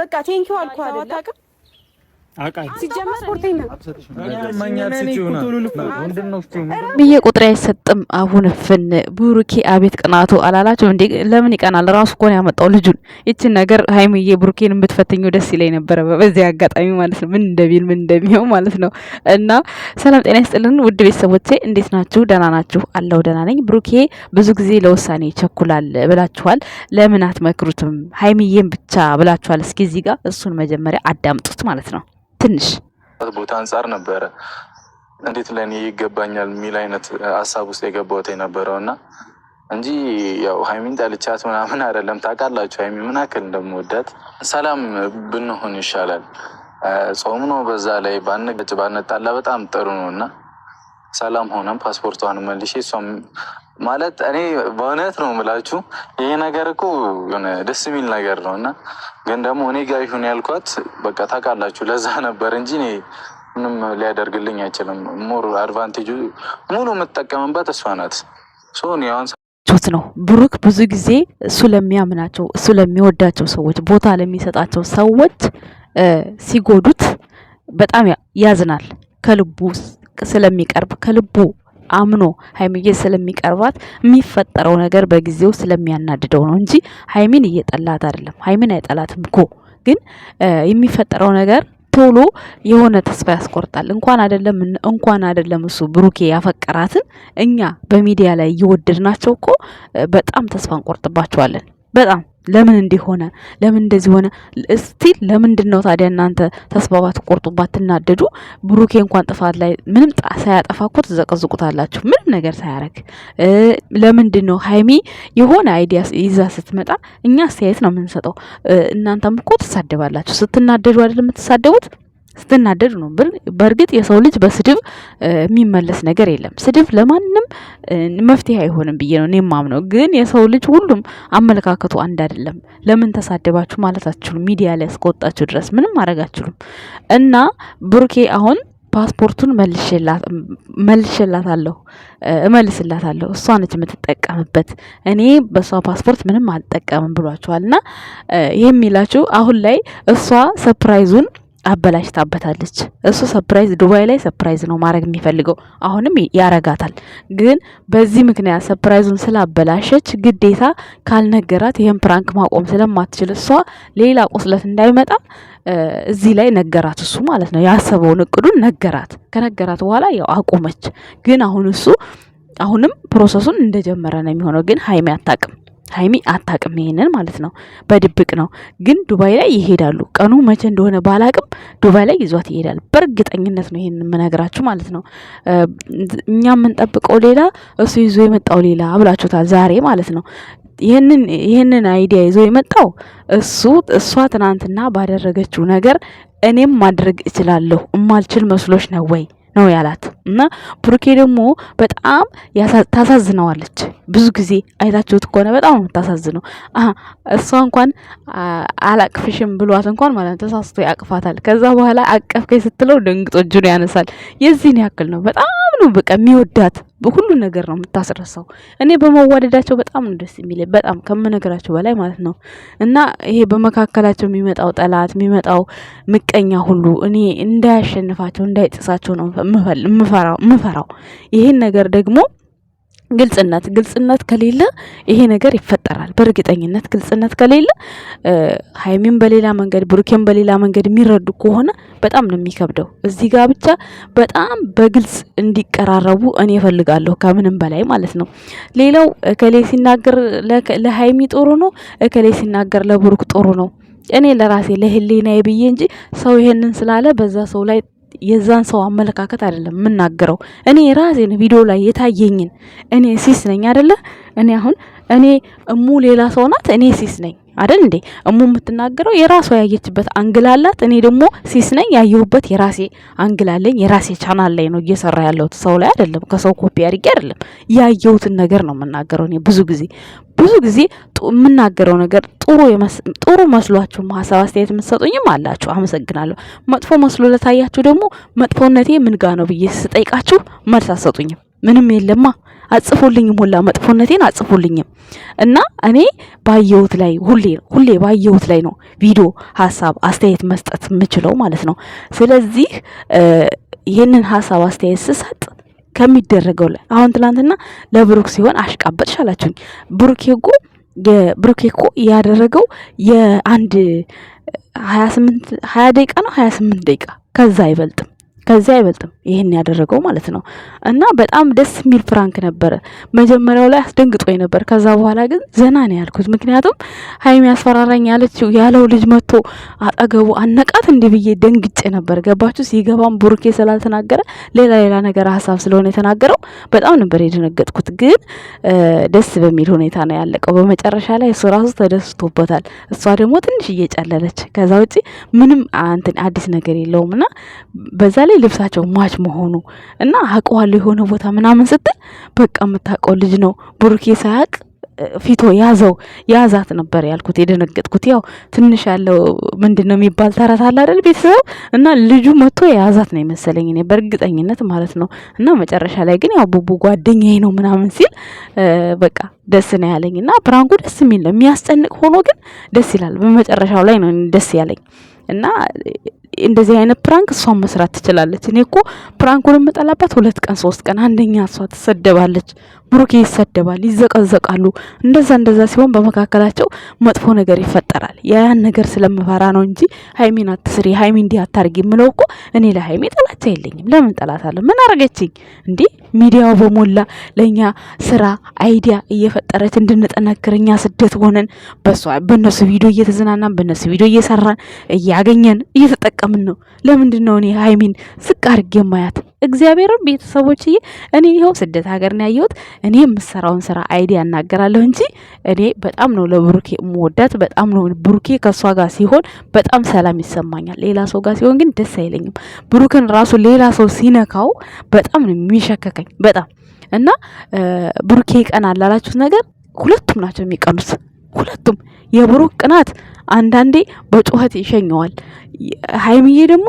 በቃ ቴንኪው አልኩህ አይደል ብዬ ቁጥር አይሰጥም። አሁን ፍን ብሩኬ አቤት ቅናቱ አላላቸው እንዴ? ለምን ይቀናል? ራሱ እኮ ነው ያመጣው ልጁን። ይችን ነገር ሀይሚዬ ብሩኬን ብትፈትኘው ደስ ይለኝ ነበረ፣ በዚህ አጋጣሚ ማለት ነው። ምን እንደሚል ምን እንደሚሆን ማለት ነው። እና ሰላም ጤና ይስጥልን ውድ ቤተሰቦቼ፣ እንዴት ናችሁ? ደህና ናችሁ? አለው ደህና ነኝ። ብሩኬ ብዙ ጊዜ ለውሳኔ ይቸኩላል ብላችኋል። ለምን አትመክሩትም? ሀይሚዬን ብቻ ብላችኋል። እስኪ እዚህ ጋር እሱን መጀመሪያ አዳምጡት ማለት ነው። ትንሽ ቦታ አንጻር ነበረ እንዴት ለእኔ ይገባኛል የሚል አይነት ሀሳብ ውስጥ የገባሁት የነበረው እና እንጂ ያው ሀይሚን ጠልቻት ምናምን አይደለም። ታውቃላችሁ ሀይሚ ምን ያክል እንደምወዳት። ሰላም ብንሆን ይሻላል። ጾም ነው፣ በዛ ላይ ባንገጭ ባንጣላ በጣም ጥሩ ነው እና ሰላም ሆነም ፓስፖርቷን መልሼ እሷም ማለት እኔ በእውነት ነው የምላችሁ ይሄ ነገር እኮ ደስ የሚል ነገር ነው። እና ግን ደግሞ እኔ ጋር ይሁን ያልኳት በቃ ታውቃላችሁ፣ ለዛ ነበር እንጂ እኔ ምንም ሊያደርግልኝ አይችልም። ሞር አድቫንቴጁ ሙሉ የምትጠቀምበት እሷ ናት። ት ነው ብሩክ ብዙ ጊዜ እሱ ለሚያምናቸው እሱ ለሚወዳቸው ሰዎች ቦታ ለሚሰጣቸው ሰዎች ሲጎዱት በጣም ያዝናል። ከልቡ ስለሚቀርብ ከልቡ አምኖ ሀይሚዬ ስለሚቀርባት የሚፈጠረው ነገር በጊዜው ስለሚያናድደው ነው እንጂ ሀይሚን እየጠላት አይደለም። ሀይሚን አይጠላትም እኮ ግን የሚፈጠረው ነገር ቶሎ የሆነ ተስፋ ያስቆርጣል። እንኳን አይደለም እንኳን አይደለም እሱ ብሩኬ ያፈቀራትን እኛ በሚዲያ ላይ እየወደድናቸው እኮ በጣም ተስፋ እንቆርጥባቸዋለን በጣም ለምን እንዲሆነ ለምን እንደዚህ ሆነ እስቲ ለምንድን ነው ታዲያ እናንተ ተስባባት ቆርጡባት ትናደዱ? ብሩኬ እንኳን ጥፋት ላይ ምንም ሳያጠፋ እኮ ትዘቀዝቁታላችሁ፣ ምንም ነገር ሳያረግ። ለምንድን ነው ሀይሚ የሆነ አይዲያ ይዛ ስትመጣ እኛ አስተያየት ነው የምንሰጠው፣ እናንተም እኮ ትሳደባላችሁ። ስትናደዱ አይደል የምትሳደቡት? ስትናደድ ነው። በእርግጥ የሰው ልጅ በስድብ የሚመለስ ነገር የለም። ስድብ ለማንም መፍትሄ አይሆንም ብዬ ነው እኔ ማምነው ግን የሰው ልጅ ሁሉም አመለካከቱ አንድ አይደለም። ለምን ተሳደባችሁ ማለት አትችሉም። ሚዲያ ላይ እስከወጣችሁ ድረስ ምንም ማድረግ አትችሉም። እና ብሩኬ አሁን ፓስፖርቱን መልሼላታለሁ፣ እመልስላታለሁ። እሷ ነች የምትጠቀምበት፣ እኔ በእሷ ፓስፖርት ምንም አልጠቀምም ብሏችኋል። እና ይህ የሚላችሁ አሁን ላይ እሷ ሰፕራይዙን አበላሽታበታለች። እሱ ሰፕራይዝ ዱባይ ላይ ሰፕራይዝ ነው ማድረግ የሚፈልገው አሁንም ያረጋታል። ግን በዚህ ምክንያት ሰፕራይዙን ስላበላሸች ግዴታ ካልነገራት ይህን ፕራንክ ማቆም ስለማትችል እሷ ሌላ ቁስለት እንዳይመጣ እዚህ ላይ ነገራት። እሱ ማለት ነው ያሰበውን እቅዱን ነገራት። ከነገራት በኋላ ያው አቆመች። ግን አሁን እሱ አሁንም ፕሮሰሱን እንደጀመረ ነው የሚሆነው። ግን ሀይሚ አታቅም። ሀይሚ አታቅም ይሄንን ማለት ነው። በድብቅ ነው ግን ዱባይ ላይ ይሄዳሉ። ቀኑ መቼ እንደሆነ ባላቅም ዱባይ ላይ ይዟት ይሄዳል። በእርግጠኝነት ነው ይሄንን የምነግራችሁ ማለት ነው። እኛ የምንጠብቀው ሌላ፣ እሱ ይዞ የመጣው ሌላ ብላችሁታል ዛሬ ማለት ነው። ይህንን ይህንን አይዲያ ይዞ የመጣው እሱ እሷ ትናንትና ባደረገችው ነገር እኔም ማድረግ እችላለሁ እማልችል መስሎች ነው ወይ ነው ያላት እና ብሩኬ ደግሞ በጣም ታሳዝነዋለች። ብዙ ጊዜ አይታችሁት ከሆነ በጣም የምታሳዝነው እሷ እንኳን አላቅፍሽም ብሏት እንኳን ማለት ተሳስቶ ያቅፋታል። ከዛ በኋላ አቀፍከኝ ስትለው ደንግጦ እጁን ያነሳል። የዚህን ያክል ነው። በጣም ነው በቃ የሚወዳት ሁሉ ነገር ነው የምታስረሳው። እኔ በመዋደዳቸው በጣም ነው ደስ የሚል በጣም ከምነግራቸው በላይ ማለት ነው። እና ይሄ በመካከላቸው የሚመጣው ጠላት የሚመጣው ምቀኛ ሁሉ እኔ እንዳያሸንፋቸው እንዳይጥሳቸው ነው ምፈራው። ይሄን ነገር ደግሞ ግልጽነት ግልጽነት ከሌለ ይሄ ነገር ይፈጠራል። በእርግጠኝነት ግልጽነት ከሌለ ሀይሚም በሌላ መንገድ ብሩኬም በሌላ መንገድ የሚረዱ ከሆነ በጣም ነው የሚከብደው። እዚህ ጋር ብቻ በጣም በግልጽ እንዲቀራረቡ እኔ እፈልጋለሁ፣ ከምንም በላይ ማለት ነው። ሌላው እከሌ ሲናገር ለሀይሚ ጥሩ ነው፣ እከሌ ሲናገር ለብሩክ ጥሩ ነው። እኔ ለራሴ ለህሊናዬ ብዬ እንጂ ሰው ይሄንን ስላለ በዛ ሰው ላይ የዛን ሰው አመለካከት አይደለም የምናገረው። እኔ ራሴን ቪዲዮ ላይ የታየኝን እኔ ሲስ ነኝ አይደለ እኔ አሁን እኔ እሙ ሌላ ሰው ናት፣ እኔ ሲስ ነኝ አይደል እንዴ? እሙ የምትናገረው የራሷ ያየችበት አንግል አላት። እኔ ደግሞ ሲስ ነኝ ያየሁበት የራሴ አንግል አለኝ። የራሴ ቻናል ላይ ነው እየሰራ ያለሁት፣ ሰው ላይ አይደለም። ከሰው ኮፒ አድርጌ አይደለም። ያየሁትን ነገር ነው የምናገረው። እኔ ብዙ ጊዜ ብዙ ጊዜ የምናገረው ነገር ጥሩ ጥሩ መስሏችሁ ሀሳብ አስተያየት የምትሰጡኝም አላችሁ፣ አመሰግናለሁ። መጥፎ መስሎ ለታያችሁ ደግሞ መጥፎነቴ ምን ጋ ነው ብዬ ስጠይቃችሁ መልስ አትሰጡኝም። ምንም የለማ አጽፎልኝም ሁላ መጥፎነቴን አጽፎልኝም። እና እኔ ባየሁት ላይ ሁሌ ሁሌ ባየሁት ላይ ነው ቪዲዮ ሀሳብ አስተያየት መስጠት የምችለው ማለት ነው። ስለዚህ ይህንን ሀሳብ አስተያየት ስሰጥ ከሚደረገው ላይ አሁን ትላንትና ለብሩክ ሲሆን አሽቃበጥሽ አላችሁኝ። ብሩኬ እኮ ብሩኬ እኮ ያደረገው የአንድ ሀያ ስምንት ሀያ ደቂቃ ነው ሀያ ስምንት ደቂቃ ከዛ አይበልጥም ከዚህ አይበልጥም ይህን ያደረገው ማለት ነው። እና በጣም ደስ የሚል ፕራንክ ነበረ። መጀመሪያው ላይ አስደንግጦ ነበር። ከዛ በኋላ ግን ዘና ነው ያልኩት። ምክንያቱም ሀይሚ ያስፈራራኝ ያለችው ያለው ልጅ መጥቶ አጠገቡ አነቃት እንዲህ ብዬ ደንግጬ ነበር። ገባችሁ? ሲገባም ቡርኬ ስላልተናገረ ሌላ ሌላ ነገር ሀሳብ ስለሆነ የተናገረው በጣም ነበር የደነገጥኩት። ግን ደስ በሚል ሁኔታ ነው ያለቀው። በመጨረሻ ላይ እሱ ራሱ ተደስቶበታል። እሷ ደግሞ ትንሽ እየጨለለች ከዛ ውጪ ምንም አዲስ ነገር የለውም እና በዛ ላይ ልብሳቸው ማች መሆኑ እና አውቀዋለሁ የሆነ ቦታ ምናምን ስትል በቃ የምታውቀው ልጅ ነው ብሩኬ ሳያቅ ፊቶ ያዘው ያዛት ነበር ያልኩት የደነገጥኩት። ያው ትንሽ ያለው ምንድን ነው የሚባል ተረት አለ አይደል ቤተሰብ እና ልጁ መጥቶ የያዛት ነው የመሰለኝ እኔ በእርግጠኝነት ማለት ነው። እና መጨረሻ ላይ ግን ያው ቡቡ ጓደኛዬ ነው ምናምን ሲል በቃ ደስ ነው ያለኝ እና ፕራንኩ ደስ የሚል ነው የሚያስጨንቅ ሆኖ ግን ደስ ይላል። በመጨረሻው ላይ ነው ደስ ያለኝ እና እንደዚህ አይነት ፕራንክ እሷን መስራት ትችላለች። እኔ እኮ ፕራንኩን የምጠላባት ሁለት ቀን ሶስት ቀን አንደኛ እሷ ትሰደባለች፣ ብሩኬ ይሰደባል፣ ይዘቀዘቃሉ። እንደዛ እንደዛ ሲሆን በመካከላቸው መጥፎ ነገር ይፈጠራል። ያያን ነገር ስለምፈራ ነው እንጂ ሀይሚን አትስሪ፣ ሀይሚ እንዲህ አታርጊ የምለው እኮ እኔ ለሀይሚ ጠላቻ የለኝም። ለምን ጠላታለሁ? ምን አርገችኝ? እንዲህ ሚዲያው በሞላ ለእኛ ስራ አይዲያ እየፈጠረች እንድንጠነክር እኛ ስደት ሆነን በእነሱ ቪዲዮ እየተዝናናን በእነሱ ቪዲዮ እየሰራን እያገኘን እየተጠቀ እየተጠቀምን ነው። ለምንድን ነው እኔ ሀይሚን ዝቅ አድርጌ የማያት እግዚአብሔርን ቤተሰቦችዬ፣ እኔ ይኸው ስደት ሀገር ነው ያየሁት። እኔ የምሰራውን ስራ አይዲያ እናገራለሁ እንጂ እኔ በጣም ነው ለብሩኬ የምወዳት። በጣም ነው ብሩኬ ከእሷ ጋር ሲሆን በጣም ሰላም ይሰማኛል። ሌላ ሰው ጋር ሲሆን ግን ደስ አይለኝም። ብሩክን ራሱ ሌላ ሰው ሲነካው በጣም ነው የሚሸከከኝ። በጣም እና ብሩኬ ይቀናል ላላችሁት ነገር ሁለቱም ናቸው የሚቀኑት። ሁለቱም የብሩክ ቅናት አንዳንዴ በጩኸት ይሸኘዋል። ሀይሚዬ ደግሞ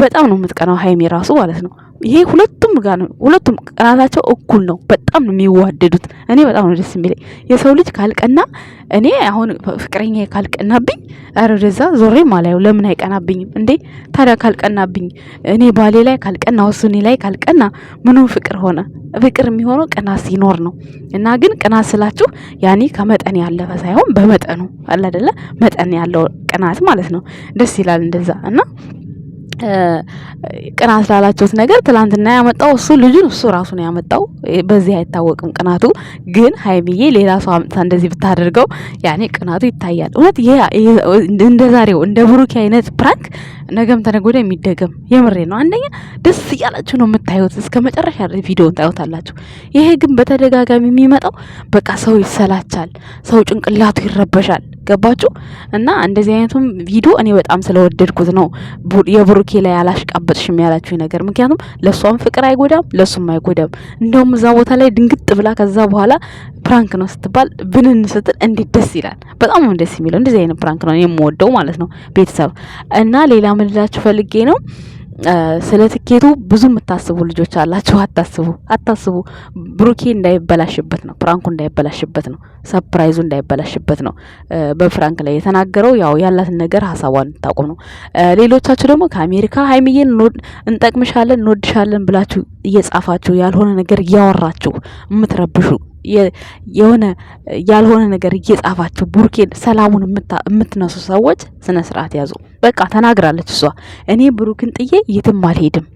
በጣም ነው የምትቀናው። ሀይሚ ራሱ ማለት ነው ይሄ ሁለቱም ጋር ነው። ሁለቱም ቅናታቸው እኩል ነው። በጣም ነው የሚዋደዱት። እኔ በጣም ነው ደስ የሚለኝ የሰው ልጅ ካልቀና፣ እኔ አሁን ፍቅረኛ ካልቀናብኝ፣ ኧረ ወደዛ ዞሬ ማላየው። ለምን አይቀናብኝም እንዴ? ታዲያ ካልቀናብኝ፣ እኔ ባሌ ላይ ካልቀና፣ እሱ እኔ ላይ ካልቀና፣ ምኑ ፍቅር ሆነ? ፍቅር የሚሆነው ቅናት ሲኖር ነው። እና ግን ቅናት ስላችሁ ያኔ ከመጠን ያለፈ ሳይሆን በመጠኑ አለ አይደለ? መጠን ያለው ቅናት ማለት ነው። ደስ ይላል እንደዛ እና ቅናት ላላችሁት ነገር ትላንትና ያመጣው እሱ ልጁን እሱ ራሱ ነው ያመጣው። በዚህ አይታወቅም ቅናቱ። ግን ሀይሚዬ ሌላ ሰው አምጥታ እንደዚህ ብታደርገው ያኔ ቅናቱ ይታያል። እውነት እንደ ዛሬው እንደ ብሩኪ አይነት ፕራንክ ነገም ተነጎደ የሚደገም የምሬ ነው። አንደኛ ደስ እያላችሁ ነው የምታዩት፣ እስከ መጨረሻ ቪዲዮን ታዩታላችሁ። ይሄ ግን በተደጋጋሚ የሚመጣው በቃ ሰው ይሰላቻል፣ ሰው ጭንቅላቱ ይረበሻል። ገባችሁ? እና እንደዚህ አይነቱም ቪዲዮ እኔ በጣም ስለወደድኩት ነው የብሩኬ ላይ አላሽቃበጥሽም ያላችሁ ነገር። ምክንያቱም ለእሷም ፍቅር አይጎዳም ለእሱም አይጎዳም። እንደውም እዛ ቦታ ላይ ድንግጥ ብላ ከዛ በኋላ ፕራንክ ነው ስትባል ብንን ስትል እንዴት ደስ ይላል። በጣም ነው ደስ የሚለው እንደዚህ አይነት ፕራንክ ነው የምወደው ማለት ነው ቤተሰብ እና ሌላ ምንላችሁ ፈልጌ ነው ስለ ትኬቱ ብዙ የምታስቡ ልጆች አላችሁ። አታስቡ አታስቡ። ብሩኬ እንዳይበላሽበት ነው፣ ፕራንኩ እንዳይበላሽበት ነው፣ ሰፕራይዙ እንዳይበላሽበት ነው። በፍራንክ ላይ የተናገረው ያው ያላትን ነገር ሀሳቧን እንታቆም ነው። ሌሎቻችሁ ደግሞ ከአሜሪካ ሀይሚዬን እንጠቅምሻለን እንወድሻለን ብላችሁ እየጻፋችሁ ያልሆነ ነገር እያወራችሁ የምትረብሹ የሆነ ያልሆነ ነገር እየጻፋችሁ ብሩኬን ሰላሙን የምትነሱ ሰዎች ስነ ስርዓት ያዙ። በቃ ተናግራለች እሷ። እኔ ብሩክን ጥዬ የትም አልሄድም፣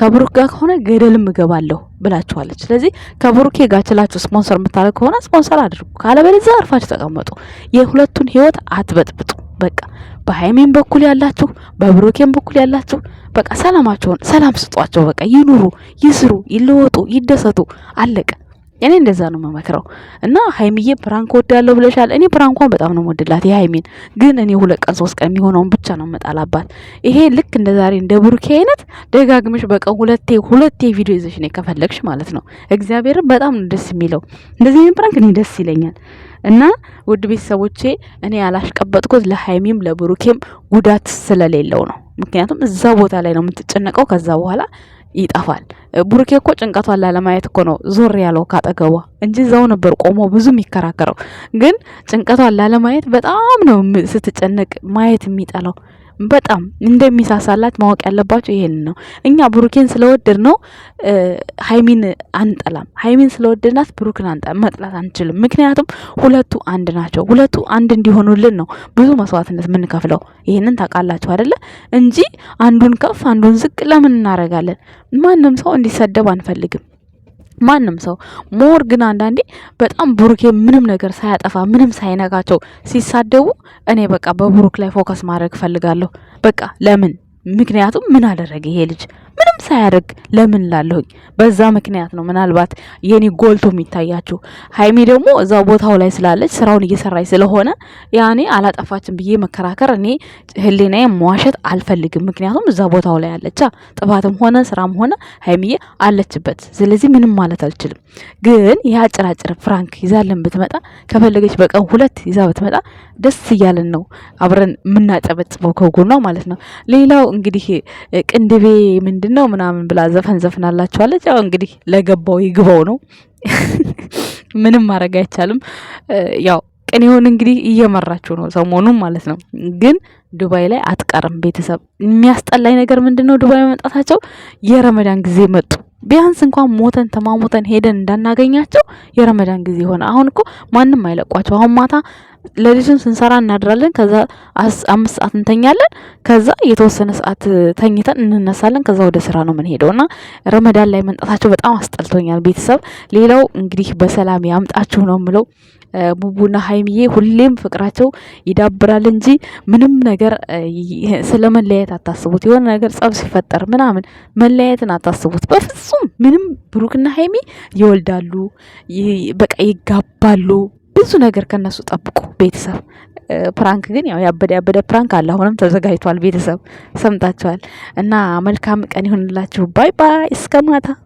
ከብሩክ ጋር ከሆነ ገደልም እገባለሁ ብላችኋለች። ስለዚህ ከብሩኬ ጋር ችላችሁ ስፖንሰር የምታደርግ ከሆነ ስፖንሰር አድርጉ፣ ካለበለዚያ አርፋችሁ ተቀመጡ። የሁለቱን ህይወት አትበጥብጡ። በቃ በሀይሜን በኩል ያላችሁ በብሩኬን በኩል ያላችሁ በቃ ሰላማቸውን ሰላም ስጧቸው። በቃ ይኑሩ፣ ይስሩ፣ ይለወጡ፣ ይደሰቱ። አለቀ። እኔ እንደዛ ነው የምመክረው። እና ሀይሚዬ ፕራንክ ወዳለው ብለሻል። እኔ ፕራንኳን በጣም ነው ወድላት የሀይሚን ግን እኔ ሁለት ቀን ሶስት ቀን የሚሆነውን ብቻ ነው መጣላባት። ይሄ ልክ እንደ ዛሬ እንደ ብሩኬ አይነት ደጋግመሽ በቀን ሁለቴ ሁለቴ ቪዲዮ ይዘሽ ነው ከፈለግሽ ማለት ነው። እግዚአብሔርን በጣም ነው ደስ የሚለው እንደዚህ ይህን ፕራንክ እኔ ደስ ይለኛል። እና ውድ ቤተሰቦቼ እኔ ያላሽቀበጥኩት ለሀይሚም ለብሩኬም ጉዳት ስለሌለው ነው። ምክንያቱም እዛ ቦታ ላይ ነው የምትጨነቀው ከዛ በኋላ ይጠፋል። ቡርኬ እኮ ጭንቀቷን ላለማየት እኮ ነው ዞር ያለው ካጠገቧ እንጂ እዛው ነበር ቆሞ ብዙ የሚከራከረው። ግን ጭንቀቷን ላለማየት በጣም ነው ስትጨነቅ ማየት የሚጠላው። በጣም እንደሚሳሳላት ማወቅ ያለባቸው ይሄን ነው። እኛ ብሩኬን ስለወደድ ነው ሀይሚን አንጠላም። ሀይሚን ስለወደድናት ብሩክን መጥላት አንችልም። ምክንያቱም ሁለቱ አንድ ናቸው። ሁለቱ አንድ እንዲሆኑልን ነው ብዙ መስዋዕትነት የምንከፍለው። ይህንን ታውቃላችሁ አይደለ? እንጂ አንዱን ከፍ አንዱን ዝቅ ለምን እናደርጋለን? ማንም ሰው እንዲሰደብ አንፈልግም። ማንም ሰው ሞር ግን አንዳንዴ በጣም ብሩኬ ምንም ነገር ሳያጠፋ ምንም ሳይነካቸው ሲሳደቡ እኔ በቃ በብሩክ ላይ ፎከስ ማድረግ እፈልጋለሁ። በቃ ለምን ምክንያቱም ምን አደረገ ይሄ ልጅ? ምንም ሳያደርግ ለምን ላለሁኝ በዛ ምክንያት ነው። ምናልባት የኔ ጎልቶ የሚታያችሁ ሀይሚ ደግሞ እዛው ቦታው ላይ ስላለች ስራውን እየሰራች ስለሆነ ያኔ አላጠፋችን ብዬ መከራከር እኔ ሕሊናዬ መዋሸት አልፈልግም። ምክንያቱም እዛ ቦታው ላይ አለች ጥፋትም ሆነ ስራም ሆነ ሀይሚዬ አለችበት። ስለዚህ ምንም ማለት አልችልም። ግን ይህ አጭራጭር ፍራንክ ይዛለን ብትመጣ ከፈለገች በቀን ሁለት ይዛ ብትመጣ ደስ እያለን ነው አብረን የምናጨበጭበው ከጎኗ ማለት ነው ሌላው እንግዲህ ቅንድቤ ምንድን ነው ምናምን ብላ ዘፈን ዘፍናላችኋለች። ያው እንግዲህ ለገባው ይግባው ነው፣ ምንም ማድረግ አይቻልም። ያው ቅኔውን እንግዲህ እየመራችሁ ነው ሰሞኑን ማለት ነው። ግን ዱባይ ላይ አትቀርም ቤተሰብ። የሚያስጠላኝ ነገር ምንድን ነው ዱባይ መምጣታቸው፣ የረመዳን ጊዜ መጡ ቢያንስ እንኳን ሞተን ተማሞተን ሄደን እንዳናገኛቸው የረመዳን ጊዜ ሆነ። አሁን እኮ ማንም አይለቋቸው። አሁን ማታ ሌሊቱን ስንሰራ እናድራለን። ከዛ አምስት ሰዓት እንተኛለን። ከዛ የተወሰነ ሰዓት ተኝተን እንነሳለን። ከዛ ወደ ስራ ነው የምንሄደው እና ረመዳን ላይ መምጣታቸው በጣም አስጠልቶኛል። ቤተሰብ ሌላው እንግዲህ በሰላም ያምጣችሁ ነው ምለው። ቡቡና ሀይሚዬ ሁሌም ፍቅራቸው ይዳብራል እንጂ ምንም ነገር ስለ መለያየት አታስቡት። የሆነ ነገር ጸብ ሲፈጠር ምናምን መለያየትን አታስቡት በፍጹም ምንም። ብሩክና ሀይሚ ይወልዳሉ፣ በቃ ይጋባሉ። ብዙ ነገር ከነሱ ጠብቁ ቤተሰብ። ፕራንክ ግን ያው ያበደ ያበደ ፕራንክ አለ። አሁንም ተዘጋጅቷል ቤተሰብ ሰምታችኋል። እና መልካም ቀን ይሁንላችሁ። ባይ ባይ፣ እስከ ማታ